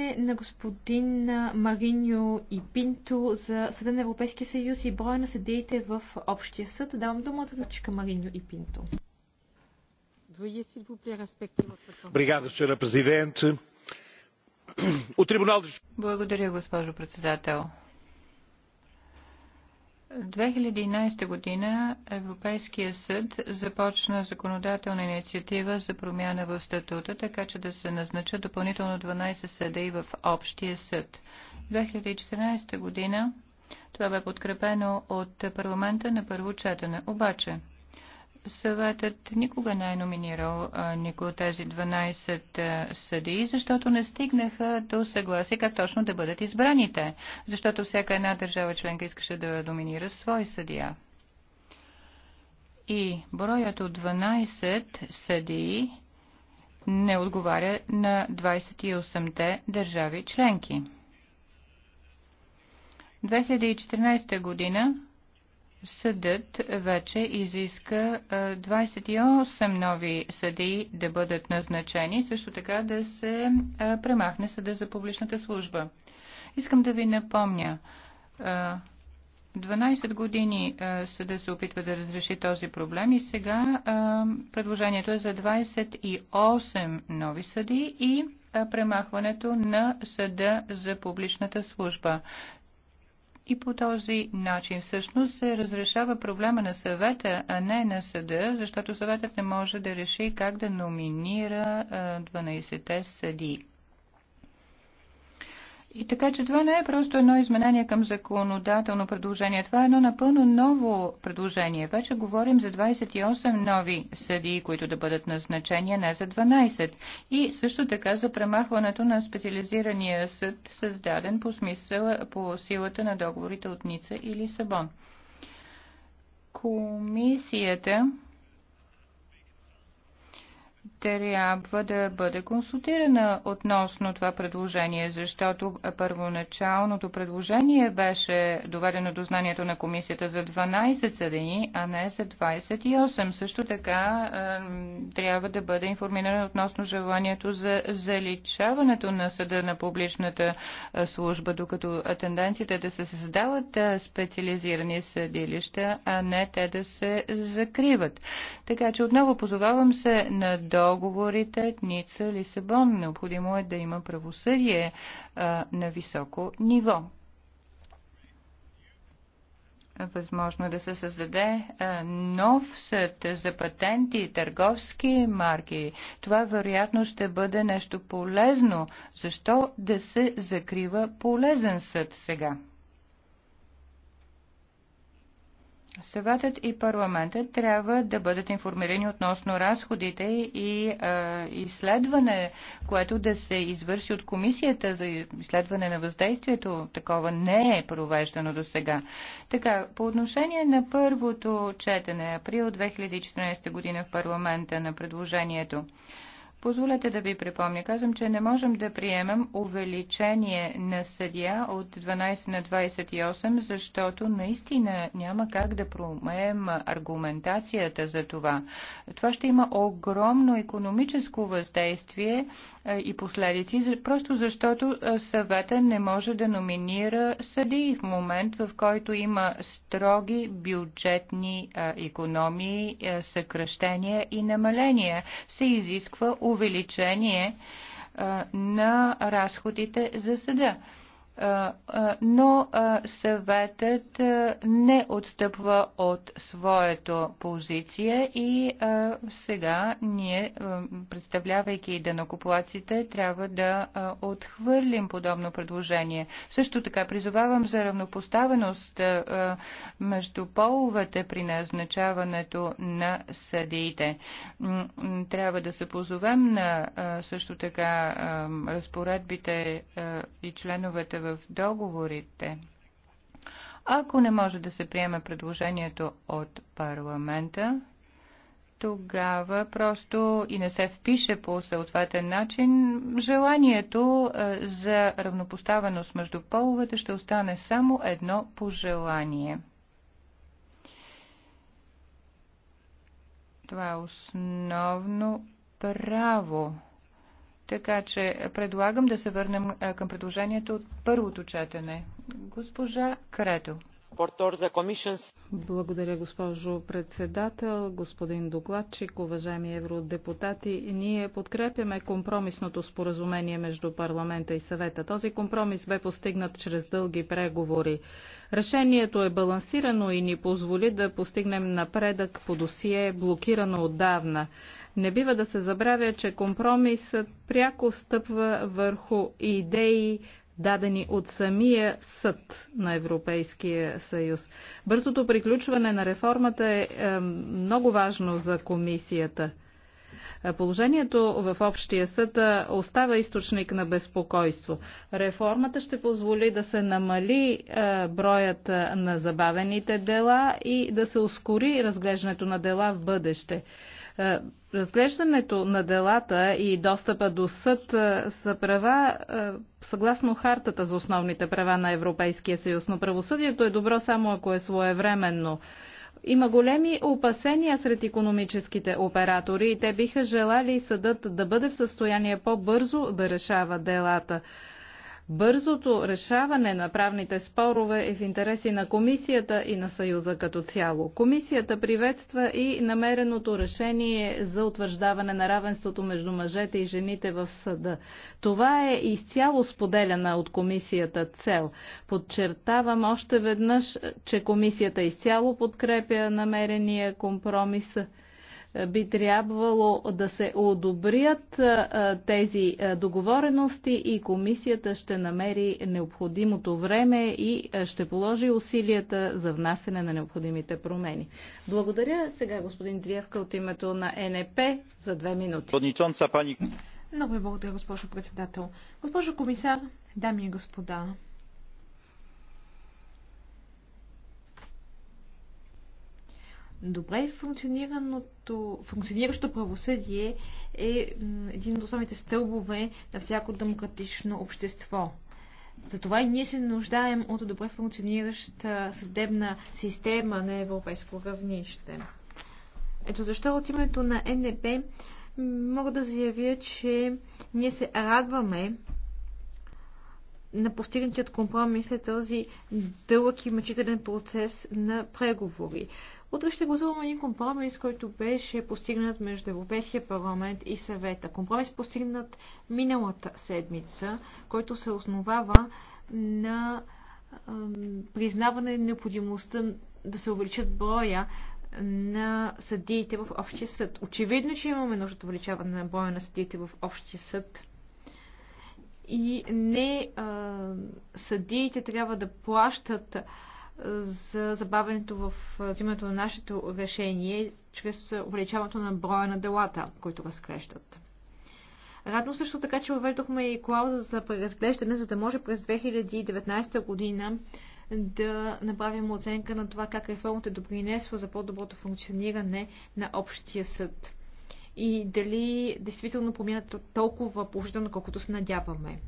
изслушване на господин Мариньо и Пинто за Съда на Европейския съюз и броя на съдеите в Общия съд. Давам думата на Чика Мариньо и Пинто. Благодаря, госпожо председател. 2011 година Европейския съд започна законодателна инициатива за промяна в статута, така че да се назначат допълнително 12 съда и в Общия съд. 2014 година това бе подкрепено от парламента на първо четене. Обаче, съветът никога не е номинирал никой от тези 12 съдии, защото не стигнаха до съгласие как точно да бъдат избраните, защото всяка една държава членка искаше да номинира свой съдия. И броят от 12 съдии не отговаря на 28-те държави членки. 2014 година съдът вече изиска 28 нови съдии да бъдат назначени, също така да се премахне съда за публичната служба. Искам да ви напомня, 12 години съда се опитва да разреши този проблем и сега предложението е за 28 нови съди и премахването на съда за публичната служба. И по този начин всъщност се разрешава проблема на съвета, а не на съда, защото съветът не може да реши как да номинира 12-те съди. И така, че това не е просто едно изменение към законодателно предложение. Това е едно напълно ново предложение. Вече говорим за 28 нови съдии, които да бъдат назначени, не за 12. И също така за премахването на специализирания съд, създаден по, смисъл, по силата на договорите от Ница и Лисабон. Комисията трябва да бъде консултирана относно това предложение, защото първоначалното предложение беше доведено до знанието на комисията за 12 съдени, а не за 28. Също така е, трябва да бъде информирана относно желанието за заличаването на съда на публичната е, служба, докато тенденцията е да се създават е, специализирани съдилища, а не те да се закриват. Така че отново позовавам се на долу договорите Ница, Лисабон. Необходимо е да има правосъдие а, на високо ниво. Възможно е да се създаде нов съд за патенти и търговски марки. Това вероятно ще бъде нещо полезно. Защо да се закрива полезен съд сега? Съветът и парламентът трябва да бъдат информирани относно разходите и е, изследване, което да се извърши от комисията за изследване на въздействието. Такова не е провеждано до сега. Така, по отношение на първото четене, април 2014 година в парламента на предложението, Позволете да ви припомня. Казвам, че не можем да приемем увеличение на съдия от 12 на 28, защото наистина няма как да промеем аргументацията за това. Това ще има огромно економическо въздействие и последици, просто защото съвета не може да номинира съдии в момент, в който има строги бюджетни економии, съкръщения и намаления. Се изисква увеличение увеличение на разходите за съда но съветът не отстъпва от своето позиция и сега ние, представлявайки данокоплаците, трябва да отхвърлим подобно предложение. Също така призовавам за равнопоставеност между половете при назначаването на съдиите. Трябва да се позовем на също така разпоредбите и членовете в в договорите. Ако не може да се приеме предложението от парламента, тогава просто и не се впише по съответен начин, желанието е, за равнопоставеност между половете ще остане само едно пожелание. Това е основно право така че предлагам да се върнем към предложението от първото четене. Госпожа Кредо. Благодаря, госпожо председател, господин докладчик, уважаеми евродепутати. Ние подкрепяме компромисното споразумение между парламента и съвета. Този компромис бе постигнат чрез дълги преговори. Решението е балансирано и ни позволи да постигнем напредък по досие, блокирано отдавна. Не бива да се забравя, че компромисът пряко стъпва върху идеи, дадени от самия съд на Европейския съюз. Бързото приключване на реформата е, е много важно за комисията. Положението в общия съд е, остава източник на безпокойство. Реформата ще позволи да се намали е, броят на забавените дела и да се ускори разглеждането на дела в бъдеще. Е, разглеждането на делата и достъпа до съд са е, права е, съгласно Хартата за основните права на Европейския съюз, но правосъдието е добро само ако е своевременно. Има големи опасения сред економическите оператори и те биха желали съдът да бъде в състояние по-бързо да решава делата. Бързото решаване на правните спорове е в интереси на комисията и на Съюза като цяло. Комисията приветства и намереното решение за утвърждаване на равенството между мъжете и жените в съда. Това е изцяло споделяна от комисията цел. Подчертавам още веднъж, че комисията изцяло подкрепя намерения компромис би трябвало да се одобрят тези договорености и комисията ще намери необходимото време и ще положи усилията за внасене на необходимите промени. Благодаря сега господин Дриевка от името на НП за две минути. Много ви благодаря, госпожо председател. Госпожо комисар, дами и господа, Добре функциониращо правосъдие е един от основните стълбове на всяко демократично общество. Затова и ние се нуждаем от добре функционираща съдебна система на европейско равнище. Ето защо от името на НДП мога да заявя, че ние се радваме на постигнатият компромис е този дълъг и мъчителен процес на преговори. Утре ще гласуваме един компромис, който беше постигнат между Европейския парламент и съвета. Компромис постигнат миналата седмица, който се основава на признаване на необходимостта да се увеличат броя на съдиите в общия съд. Очевидно, че имаме нужда от увеличаване на броя на съдиите в общия съд. И не а, съдиите трябва да плащат за забавянето в взимането на нашето решение, чрез увеличаването на броя на делата, които разглеждат. Радно също така, че въведохме и клауза за преразглеждане, за да може през 2019 година да направим оценка на това как реформата е допринесва за по-доброто функциониране на общия съд и дали действително промяната е толкова положително, колкото се надяваме.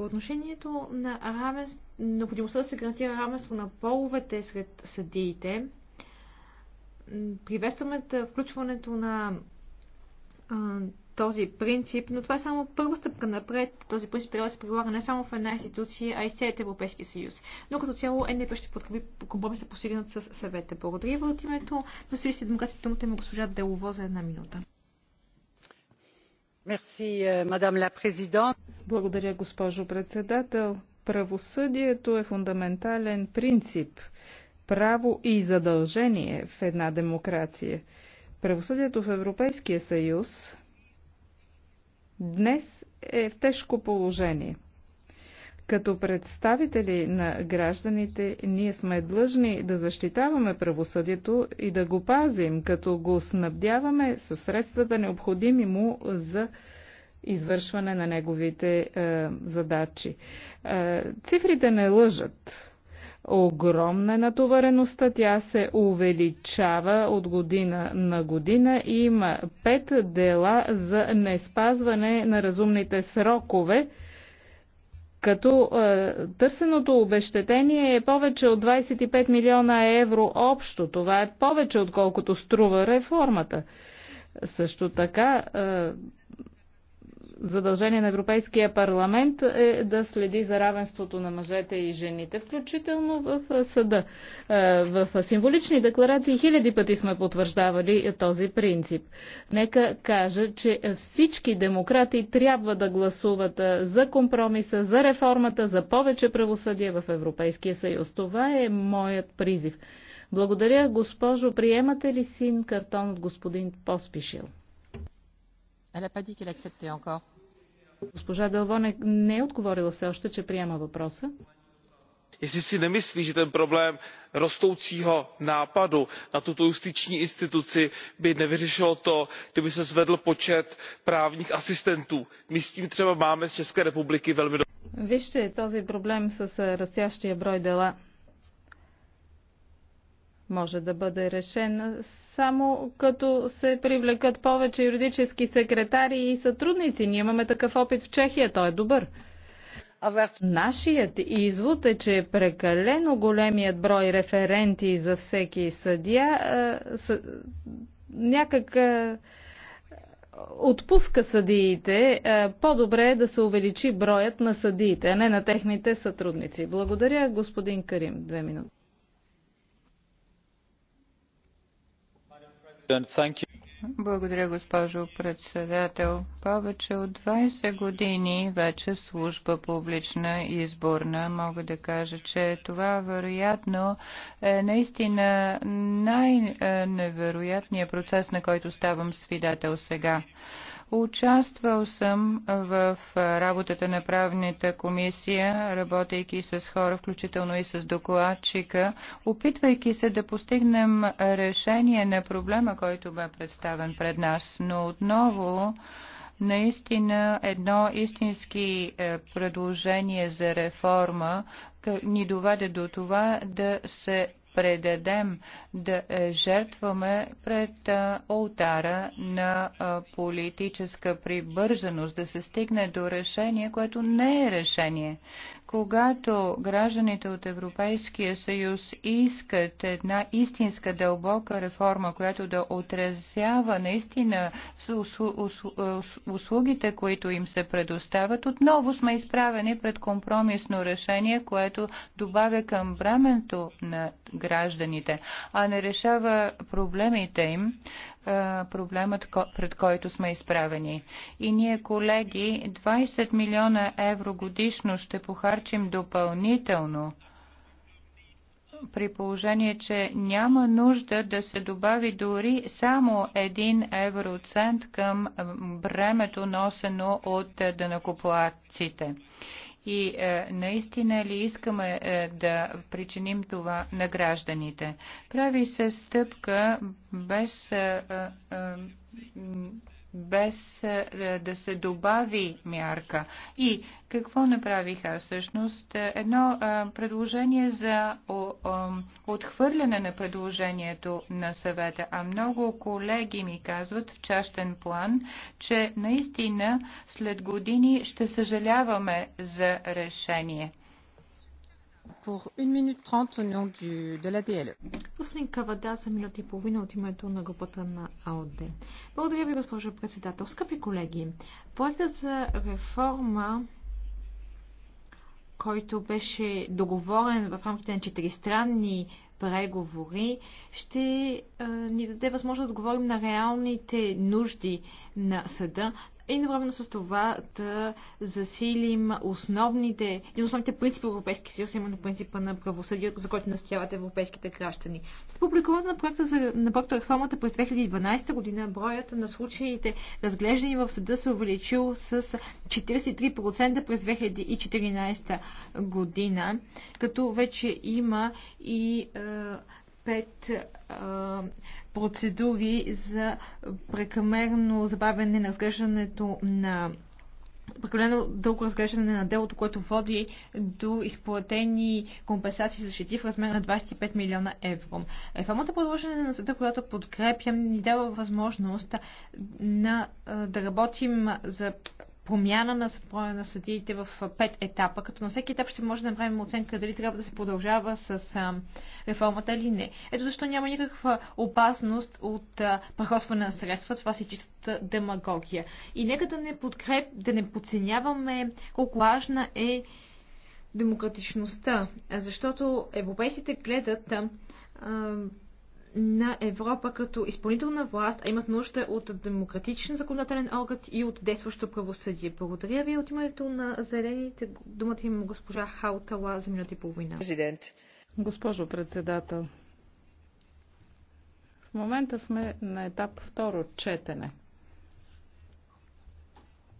По отношението на равенство, необходимостта да се гарантира равенство на половете сред съдиите, приветстваме включването на този принцип, но това е само първа стъпка напред. Този принцип трябва да се прилага не само в една институция, а и целият Европейския съюз. Но като цяло НДП ще подкрепи компромиса постигнат с съвета. Благодаря ви от името на Союзите демократите, думата има госпожа Делово за една минута. Euh, Благодаря, госпожо председател. Правосъдието е фундаментален принцип, право и задължение в една демокрация. Правосъдието в Европейския съюз днес е в тежко положение. Като представители на гражданите, ние сме длъжни да защитаваме правосъдието и да го пазим, като го снабдяваме със средствата необходими му за извършване на неговите е, задачи. Е, цифрите не лъжат. Огромна е натовареността, тя се увеличава от година на година и има пет дела за неспазване на разумните срокове като е, търсеното обещетение е повече от 25 милиона евро общо. Това е повече отколкото струва реформата. Също така е, задължение на Европейския парламент е да следи за равенството на мъжете и жените, включително в съда. В символични декларации хиляди пъти сме потвърждавали този принцип. Нека кажа, че всички демократи трябва да гласуват за компромиса, за реформата, за повече правосъдие в Европейския съюз. Това е моят призив. Благодаря, госпожо. Приемате ли син картон от господин Поспишил? Elle n'a pas dit qu'elle acceptait encore. Госпожа Дълво не, е отговорила все още, че приема въпроса. Jestli si nemyslí, že ten problém rostoucího nápadu na tuto justiční instituci by nevyřešilo to, kdyby se zvedl počet právních asistentů. My s tím třeba máme z České republiky velmi Вижте този проблем с растящия брой дела може да бъде решен само като се привлекат повече юридически секретари и сътрудници. Ние имаме такъв опит в Чехия, той е добър. Нашият извод е, че прекалено големият брой референти за всеки съдия някак отпуска съдиите. по-добре е да се увеличи броят на съдиите, а не на техните сътрудници. Благодаря, господин Карим. Две минути. Благодаря, госпожо председател. Повече от 20 години вече служба публична и изборна. Мога да кажа, че това вероятно е наистина най-невероятният процес, на който ставам свидетел сега. Участвал съм в работата на правната комисия, работейки с хора, включително и с докладчика, опитвайки се да постигнем решение на проблема, който бе представен пред нас. Но отново наистина едно истински е, предложение за реформа ни доведе до това да се предадем, да е, жертваме пред ултара е, на е, политическа прибърженост, да се стигне до решение, което не е решение. Когато гражданите от Европейския съюз искат една истинска дълбока реформа, която да отразява наистина услугите, които им се предоставят, отново сме изправени пред компромисно решение, което добавя към бремето на гражданите, а не решава проблемите им, проблемът, пред който сме изправени. И ние, колеги, 20 милиона евро годишно ще похарчим допълнително при положение, че няма нужда да се добави дори само един евроцент към бремето носено от дънакоплатците и е, наистина ли искаме е, да причиним това на гражданите. Прави се стъпка без. Е, е, е без е, да се добави мярка. И какво направих аз всъщност? Е, едно е, предложение за отхвърляне на предложението на съвета, а много колеги ми казват в частен план, че наистина след години ще съжаляваме за решение. E. Господин Кавада за минута и половина от името на групата на АОД. Благодаря ви, госпожа председател. Скъпи колеги, проектът за реформа който беше договорен в рамките на четиристранни преговори, ще ни даде възможност да отговорим на реалните нужди на съда, и едновременно с това да засилим основните, един основните принципи в Европейския съюз, именно принципа на правосъдие, за който настояват европейските граждани. След публикуването на проекта за, на проекта реформата през 2012 година, броят на случаите разглеждани в съда се увеличил с 43% през 2014 година, като вече има и е, пет е, процедури за прекамерно забавяне на разглеждането на прекалено дълго разглеждане на делото, което води до изплатени компенсации за щети в размер на 25 милиона евро. Реформата продължение на съда, която подкрепям, ни дава възможност на, да работим за промяна на броя на съдиите в пет етапа, като на всеки етап ще може да направим оценка дали трябва да се продължава с а, реформата или не. Ето защо няма никаква опасност от прахосване на средства. Това си чиста демагогия. И нека да не подкреп, да не подценяваме колко важна е демократичността, защото европейците гледат а, на Европа като изпълнителна власт, а имат нужда от демократичен законодателен орган и от действащо правосъдие. Благодаря ви от името на зелените. Думата има госпожа Хаутала за минути и половина. Президент. Госпожо председател, в момента сме на етап второ четене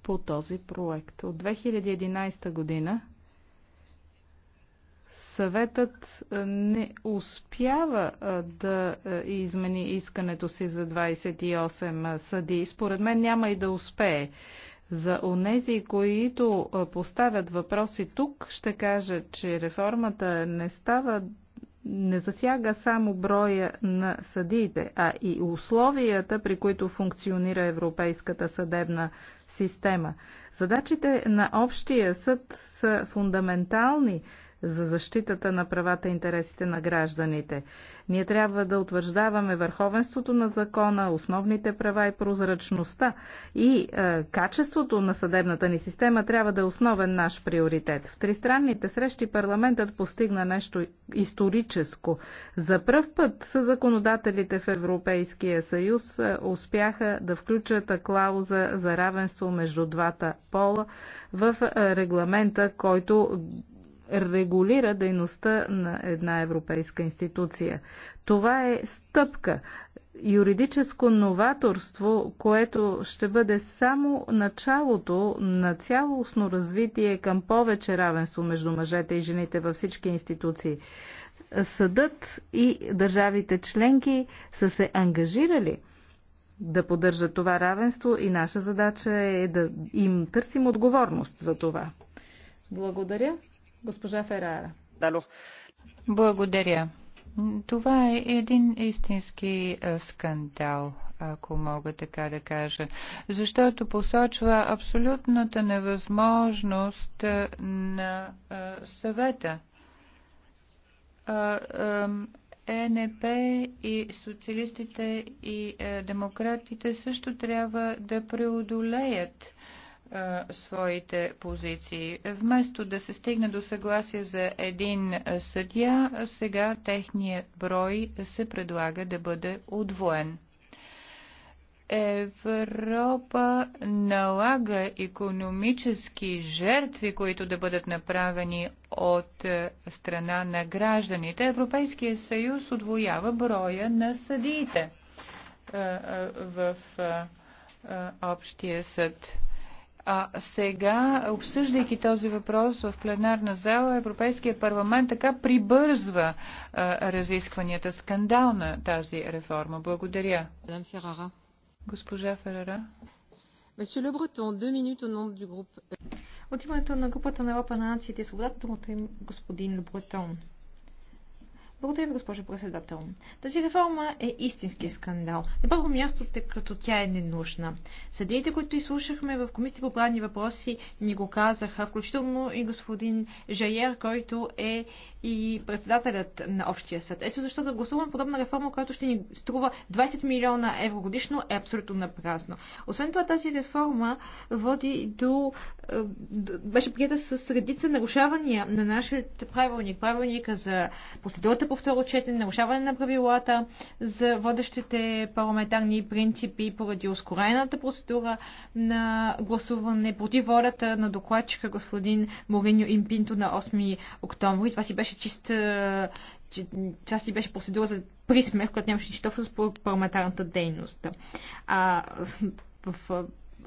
по този проект. От 2011 година съветът не успява да измени искането си за 28 съдии. Според мен няма и да успее. За онези, които поставят въпроси тук, ще кажа, че реформата не става не засяга само броя на съдиите, а и условията, при които функционира европейската съдебна система. Задачите на общия съд са фундаментални за защитата на правата и интересите на гражданите. Ние трябва да утвърждаваме върховенството на закона, основните права и прозрачността и е, качеството на съдебната ни система трябва да е основен наш приоритет. В тристранните срещи парламентът постигна нещо историческо. За пръв път с законодателите в Европейския съюз е, успяха да включат клауза за равенство между двата пола в е, регламента, който регулира дейността на една европейска институция. Това е стъпка, юридическо новаторство, което ще бъде само началото на цялостно развитие към повече равенство между мъжете и жените във всички институции. Съдът и държавите членки са се ангажирали да поддържат това равенство и наша задача е да им търсим отговорност за това. Благодаря. Госпожа Ферара. Благодаря. Това е един истински скандал, ако мога така да кажа, защото посочва абсолютната невъзможност на съвета. ЕНП и социалистите и е, демократите също трябва да преодолеят своите позиции. Вместо да се стигне до съгласие за един съдия, сега техният брой се предлага да бъде удвоен. Европа налага економически жертви, които да бъдат направени от страна на гражданите. Европейския съюз отвоява броя на съдиите в общия съд. А сега, обсъждайки този въпрос в пленарна зала, Европейския парламент така прибързва а, разискванията. Скандал на тази реформа. Благодаря. Госпожа Ферара. Monsieur Le Breton, deux minutes au nom du От името на групата на Европа на нациите и свободата, думата им господин Лебретон. Благодаря ви, госпожо председател. Тази реформа е истински скандал. На първо място, тъй като тя е ненужна. Съдиите, които изслушахме в Комисията по правни въпроси, ни го казаха, включително и господин Жаер, който е и председателят на Общия съд. Ето защо да гласуваме подобна реформа, която ще ни струва 20 милиона евро годишно, е абсолютно напразно. Освен това, тази реформа води до... Е, беше прията с редица нарушавания на нашия правилник, правилника за процедурата по второ четене, нарушаване на правилата за водещите парламентарни принципи поради ускорената процедура на гласуване против волята на докладчика господин Мориньо Импинто на 8 октомври. Това си беше чист че това си беше процедура за присмех, която нямаше нищо с парламентарната дейност. А в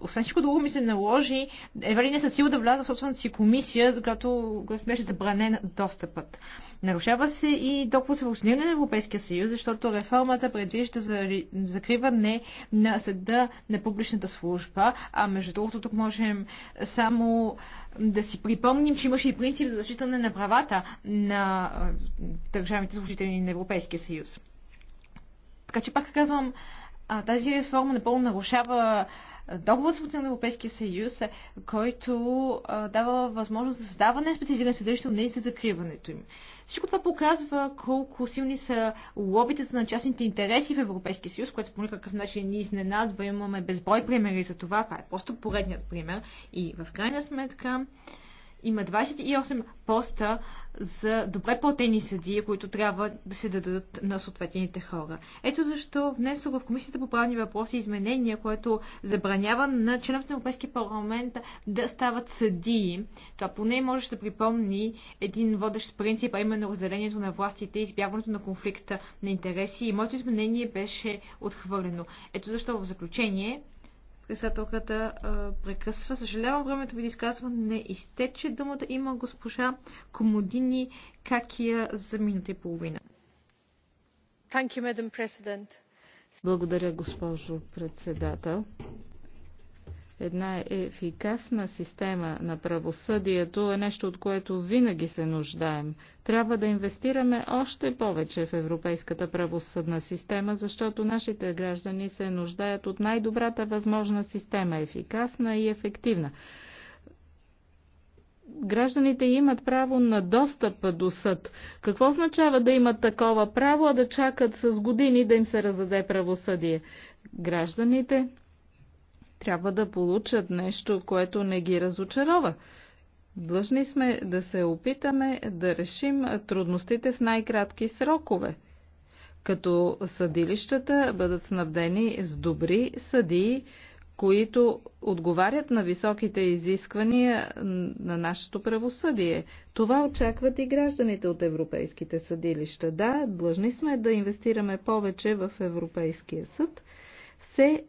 освен всичко друго ми се наложи, едва ли не със сила да вляза в собствената си комисия, за която, която беше забранен достъпът. Нарушава се и договор за функциониране на Европейския съюз, защото реформата предвижда за закриване на съда на публичната служба, а между другото тук можем само да си припомним, че имаше и принцип за защитане на правата на държавните служители на Европейския съюз. Така че пак казвам, тази реформа напълно нарушава договор с на Европейския съюз, който а, дава възможност за създаване на специализирани съдилище, но не и за закриването им. Всичко това показва колко силни са лобите на частните интереси в Европейския съюз, което по никакъв начин ни изненадва. Имаме безброй примери за това. Това е просто поредният пример. И в крайна сметка, има 28 поста за добре платени съдии, които трябва да се дадат на съответните хора. Ето защо внесох в Комисията по правни въпроси изменения, което забранява на членовете на Европейския парламент да стават съдии. Това поне може да припомни един водещ принцип, а именно разделението на властите и избягването на конфликта на интереси. И моето изменение беше отхвърлено. Ето защо в заключение председателката прекъсва. Съжалявам, времето ви изказва. не изтече. Думата да има госпожа Комодини Какия за минута и половина. You, Благодаря, госпожо председател. Една ефикасна система на правосъдието е нещо, от което винаги се нуждаем. Трябва да инвестираме още повече в европейската правосъдна система, защото нашите граждани се нуждаят от най-добрата възможна система, ефикасна и ефективна гражданите имат право на достъп до съд. Какво означава да имат такова право, а да чакат с години да им се раздаде правосъдие? Гражданите трябва да получат нещо, което не ги разочарова. Длъжни сме да се опитаме да решим трудностите в най-кратки срокове, като съдилищата бъдат снабдени с добри съдии, които отговарят на високите изисквания на нашето правосъдие. Това очакват и гражданите от европейските съдилища. Да, длъжни сме да инвестираме повече в Европейския съд. Все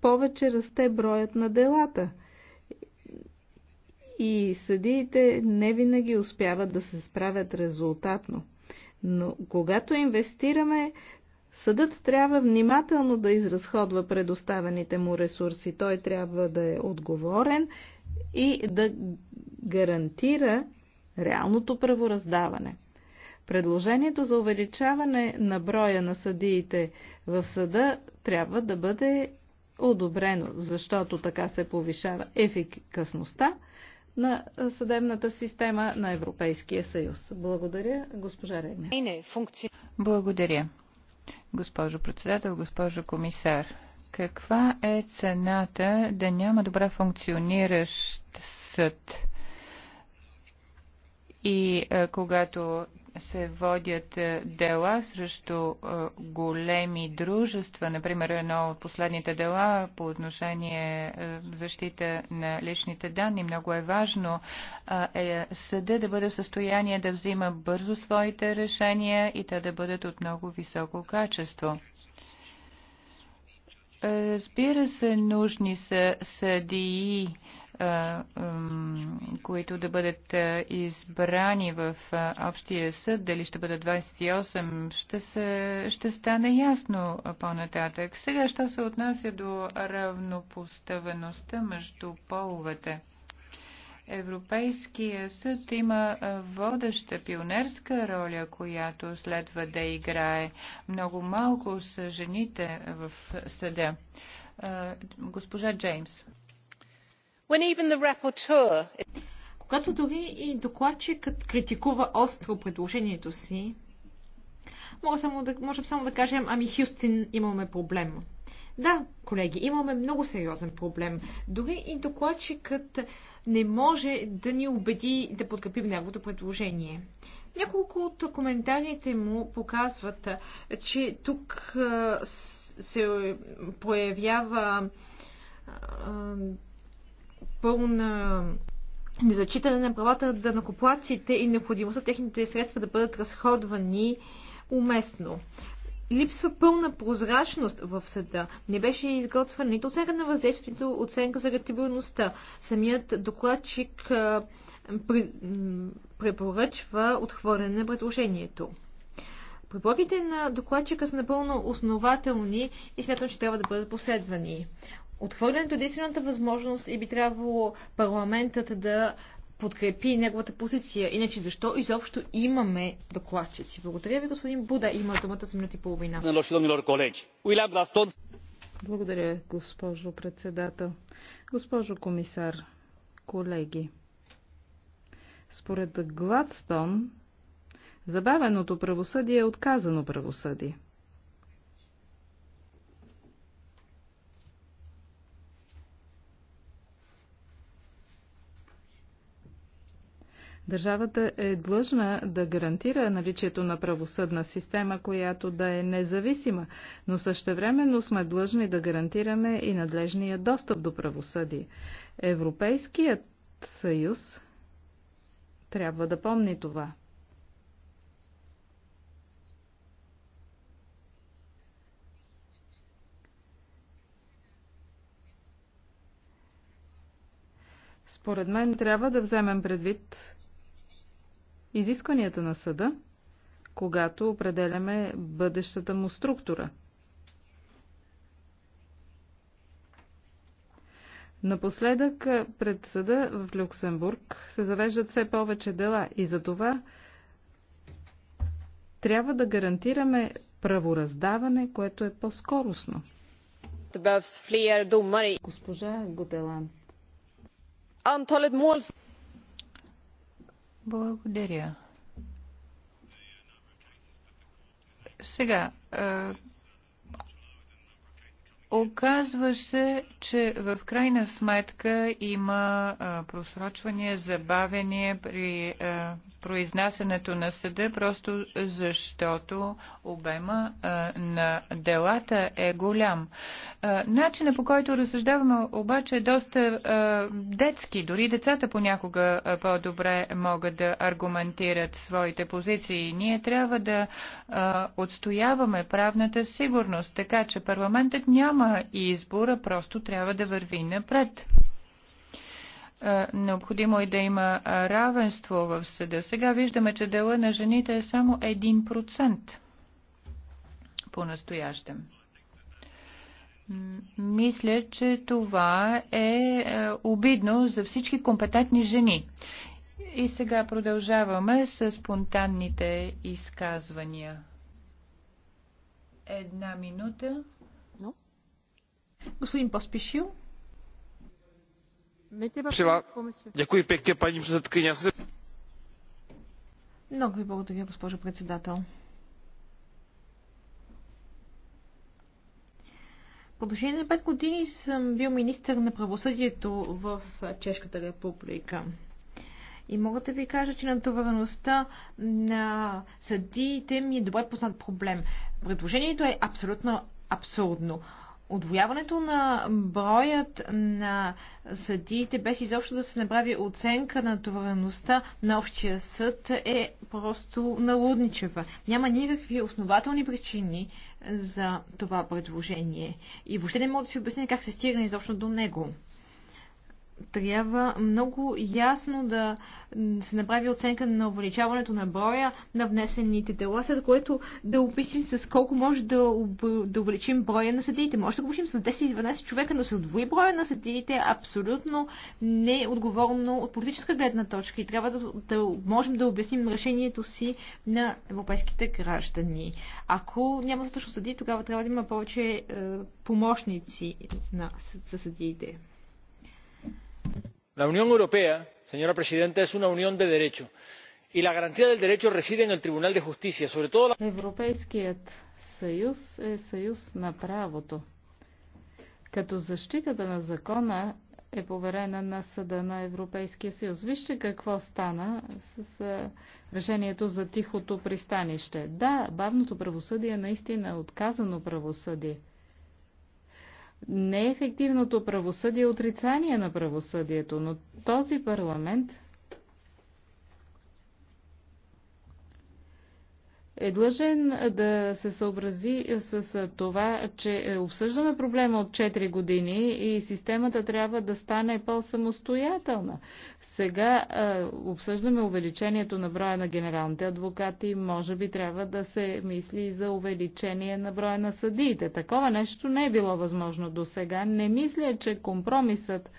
повече расте броят на делата. И съдиите не винаги успяват да се справят резултатно. Но когато инвестираме, съдът трябва внимателно да изразходва предоставените му ресурси. Той трябва да е отговорен и да гарантира реалното правораздаване. Предложението за увеличаване на броя на съдиите в съда трябва да бъде одобрено, защото така се повишава ефикасността на съдебната система на Европейския съюз. Благодаря, госпожа Регне. Благодаря. Госпожо председател, госпожо комисар, каква е цената да няма добра функциониращ съд? И е, когато се водят е, дела срещу е, големи дружества. Например, едно от последните дела по отношение е, защита на личните данни. Много е важно е съда да бъде в състояние да взима бързо своите решения и те да бъдат от много високо качество. Разбира се, нужни са съдии които да бъдат избрани в общия съд, дали ще бъдат 28, ще, се, ще стане ясно по-нататък. Сега, що се отнася до равнопоставеността между половете? Европейския съд има водеща пионерска роля, която следва да играе. Много малко са жените в съда. Госпожа Джеймс. Когато дори и докладчикът критикува остро предложението си, мога само да, можем само да кажем, ами Хюстин имаме проблем. Да, колеги, имаме много сериозен проблем. Дори и докладчикът не може да ни убеди да подкрепим неговото предложение. Няколко от коментарите му показват, че тук се проявява пълна незачитане на правата да накоплаците и необходимостта техните средства да бъдат разходвани уместно. Липсва пълна прозрачност в съда. Не беше изготвена нито оценка на въздействието, нито оценка за ретибилността. Самият докладчик препоръчва отхвърляне на предложението. Препоръките на докладчика са напълно основателни и смятам, че трябва да бъдат последвани. Отхвърлянето е единствената възможност и би трябвало парламентът да подкрепи неговата позиция. Иначе защо изобщо имаме докладчици? Благодаря ви, господин Буда. Има думата за минути и половина. Благодаря, госпожо председател. Госпожо комисар, колеги, според Гладстон, забавеното правосъдие е отказано правосъдие. Държавата е длъжна да гарантира наличието на правосъдна система, която да е независима, но същевременно сме длъжни да гарантираме и надлежния достъп до правосъдие. Европейският съюз трябва да помни това. Според мен трябва да вземем предвид изискванията на съда, когато определяме бъдещата му структура. Напоследък пред съда в Люксембург се завеждат все повече дела и за това трябва да гарантираме правораздаване, което е по-скоростно. Госпожа Готелан. Благодаря. Сега, Оказва се, че в крайна сметка има просрочване, забавение при произнасянето на съда, просто защото обема на делата е голям. начина по който разсъждаваме обаче е доста детски. Дори децата понякога по-добре могат да аргументират своите позиции. Ние трябва да отстояваме правната сигурност, така че парламентът няма няма избора, просто трябва да върви напред. Е, необходимо е да има равенство в съда. Сега виждаме, че дела на жените е само 1% по-настоящем. Мисля, че това е, е обидно за всички компетентни жени. И сега продължаваме с спонтанните изказвания. Една минута. Господин Поспешил. paní Много ви благодаря, госпожо председател. продължение на 5 години съм бил министър на правосъдието в Чешката република. И мога да ви кажа, че натовареността на съдиите ми е добре познат проблем. Предложението е абсолютно абсурдно. Отвояването на броят на съдиите, без изобщо да се направи оценка на товареността на общия съд, е просто налудничева. Няма никакви основателни причини за това предложение. И въобще не мога да си обясня как се стигна изобщо до него трябва много ясно да се направи оценка на увеличаването на броя на внесените дела, след което да описим с колко може да, да увеличим броя на съдиите. Може да го увеличим с 10 12 човека, но се отвои броя на съдиите абсолютно неотговорно от политическа гледна точка и трябва да, да можем да обясним решението си на европейските граждани. Ако няма достатъчно съдии, тогава трябва да има повече е, помощници на, съдиите la unión europea señora presidenta es una unión de derecho y la garantía del derecho reside en el Tribunal de Justicia, sobre todo la... Европейският съюз е съюз на правото. Като защитата на закона е поверена на съда на Европейския съюз. Вижте какво стана с решението за тихото пристанище. Да, бавното правосъдие е наистина отказано правосъдие – Неефективното правосъдие е отрицание на правосъдието, но този парламент е длъжен да се съобрази с това, че обсъждаме проблема от 4 години и системата трябва да стане по-самостоятелна. Сега е, обсъждаме увеличението на броя на генералните адвокати. Може би трябва да се мисли и за увеличение на броя на съдиите. Такова нещо не е било възможно до сега. Не мисля, че компромисът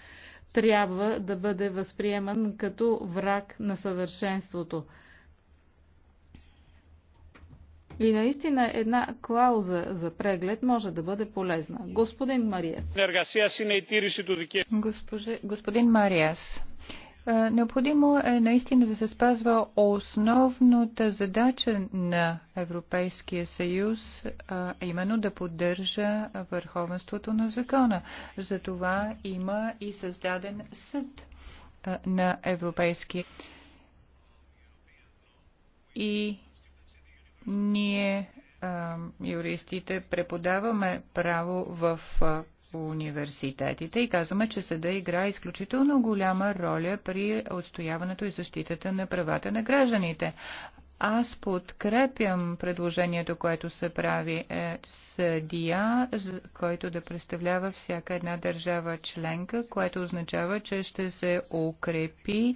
трябва да бъде възприеман като враг на съвършенството. И наистина една клауза за преглед може да бъде полезна. Господин Мариас. господин Мариас, Необходимо е наистина да се спазва основната задача на Европейския съюз, а именно да поддържа върховенството на закона. За това има и създаден съд на Европейския и ние, юристите, преподаваме право в университетите и казваме, че съда игра изключително голяма роля при отстояването и защитата на правата на гражданите. Аз подкрепям предложението, което се прави е съдия, който да представлява всяка една държава членка, което означава, че ще се укрепи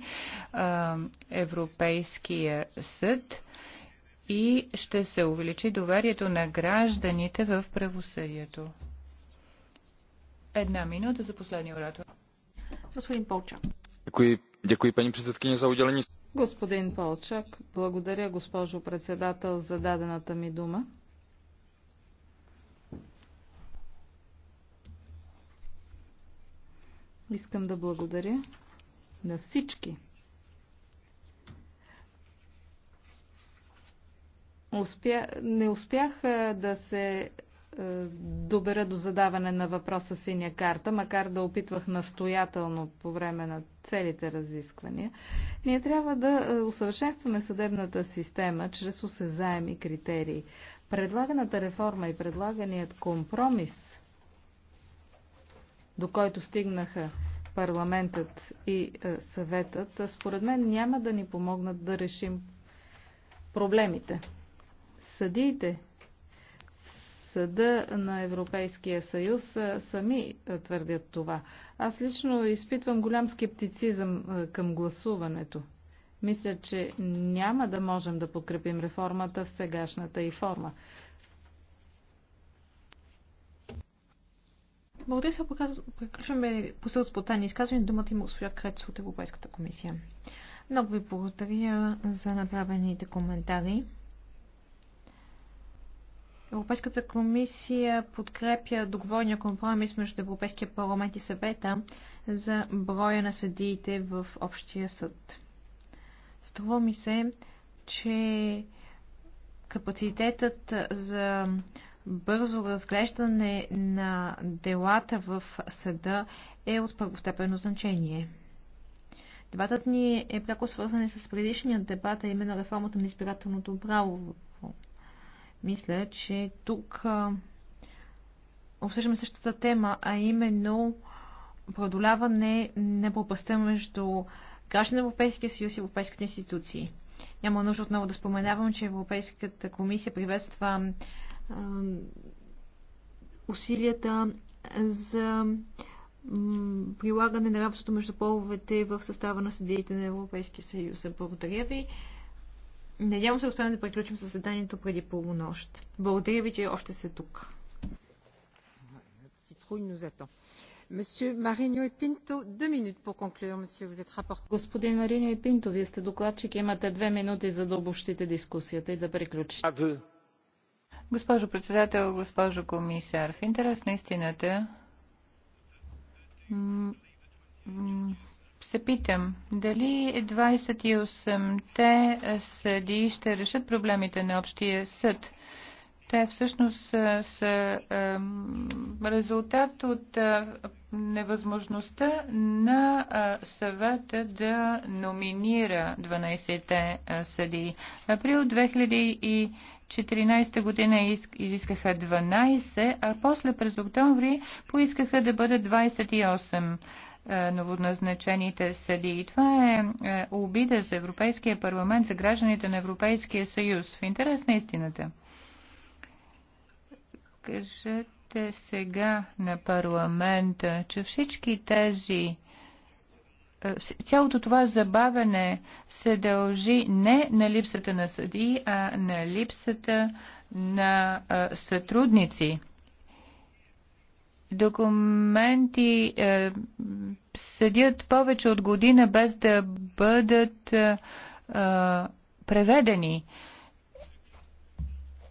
Европейския съд и ще се увеличи доверието на гражданите в правосъдието. Една минута за последния оратор. Господин Полчак. Дякую, пани председкиня, за уделени. Господин Полчак, благодаря, госпожо председател, за дадената ми дума. Искам да благодаря на всички Успя... Не успях да се добера до задаване на въпроса синя карта, макар да опитвах настоятелно по време на целите разисквания. Ние трябва да усъвършенстваме съдебната система чрез осезаеми критерии. Предлаганата реформа и предлаганият компромис, до който стигнаха парламентът и съветът, според мен няма да ни помогнат да решим проблемите. Съдиите в Съда на Европейския съюз сами твърдят това. Аз лично изпитвам голям скептицизъм към гласуването. Мисля, че няма да можем да подкрепим реформата в сегашната и форма. Благодаря се, приключваме посъл с платани изказване. Думата има госпожа Крец от Европейската комисия. Много ви благодаря за направените коментари. Европейската комисия подкрепя договорния компромис между Европейския парламент и съвета за броя на съдиите в общия съд. Струва ми се, че капацитетът за бързо разглеждане на делата в съда е от първостепенно значение. Дебатът ни е пряко свързан с предишния дебат, а именно реформата на избирателното право мисля, че тук обсъждаме същата тема, а именно продоляване на пропаста между граждани на Европейския съюз и европейските институции. Няма нужда отново да споменавам, че Европейската комисия приветства усилията за прилагане на равенството между половете в състава на съдиите на Европейския съюз. Благодаря ви. Надявам се успеем да приключим съседанието преди полунощ. Благодаря ви, че още сте тук. Господин Марино и Пинто, вие сте докладчик, имате две минути за да обобщите дискусията и да приключите. Госпожо председател, госпожо комисар, в интерес на истината се питам дали 28-те съдии ще решат проблемите на общия съд. Те всъщност са, са е, резултат от е, невъзможността на е, съвета да номинира 12-те съди. съдии. Април 2014 година изискаха 12, а после през октомври поискаха да бъдат 28. Е, новоназначените съдии. Това е обида е, за Европейския парламент, за гражданите на Европейския съюз. В интерес на истината. Кажете сега на парламента, че всички тези е, цялото това забавене се дължи не на липсата на съдии, а на липсата на сътрудници документи е, седят повече от година без да бъдат е, е преведени.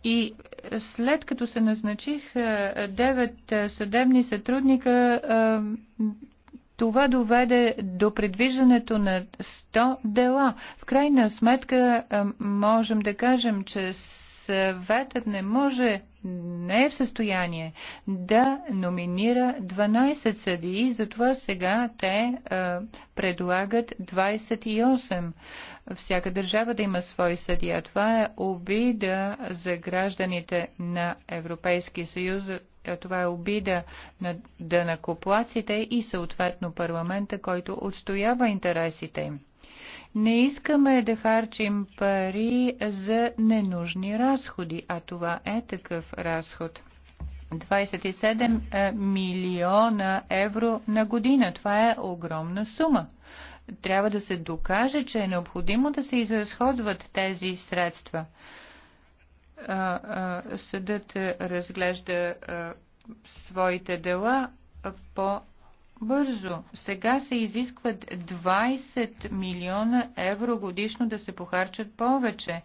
И след като се назначих е, девет е, съдебни сътрудника, е, това доведе до предвиждането на 100 дела. В крайна сметка е, можем да кажем, че съветът не може не е в състояние да номинира 12 съдии, затова сега те а, е, предлагат 28. Всяка държава да има свой съдия. Това е обида за гражданите на Европейския съюз, това е обида на дънакоплаците и съответно парламента, който отстоява интересите им. Не искаме да харчим пари за ненужни разходи, а това е такъв разход. 27 е, милиона евро на година. Това е огромна сума. Трябва да се докаже, че е необходимо да се изразходват тези средства. Е, е, съдът разглежда своите дела по бързо. Сега се изискват 20 милиона евро годишно да се похарчат повече.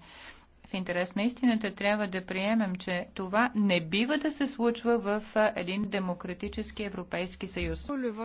В интерес на истината трябва да приемем, че това не бива да се случва в един демократически Европейски съюз.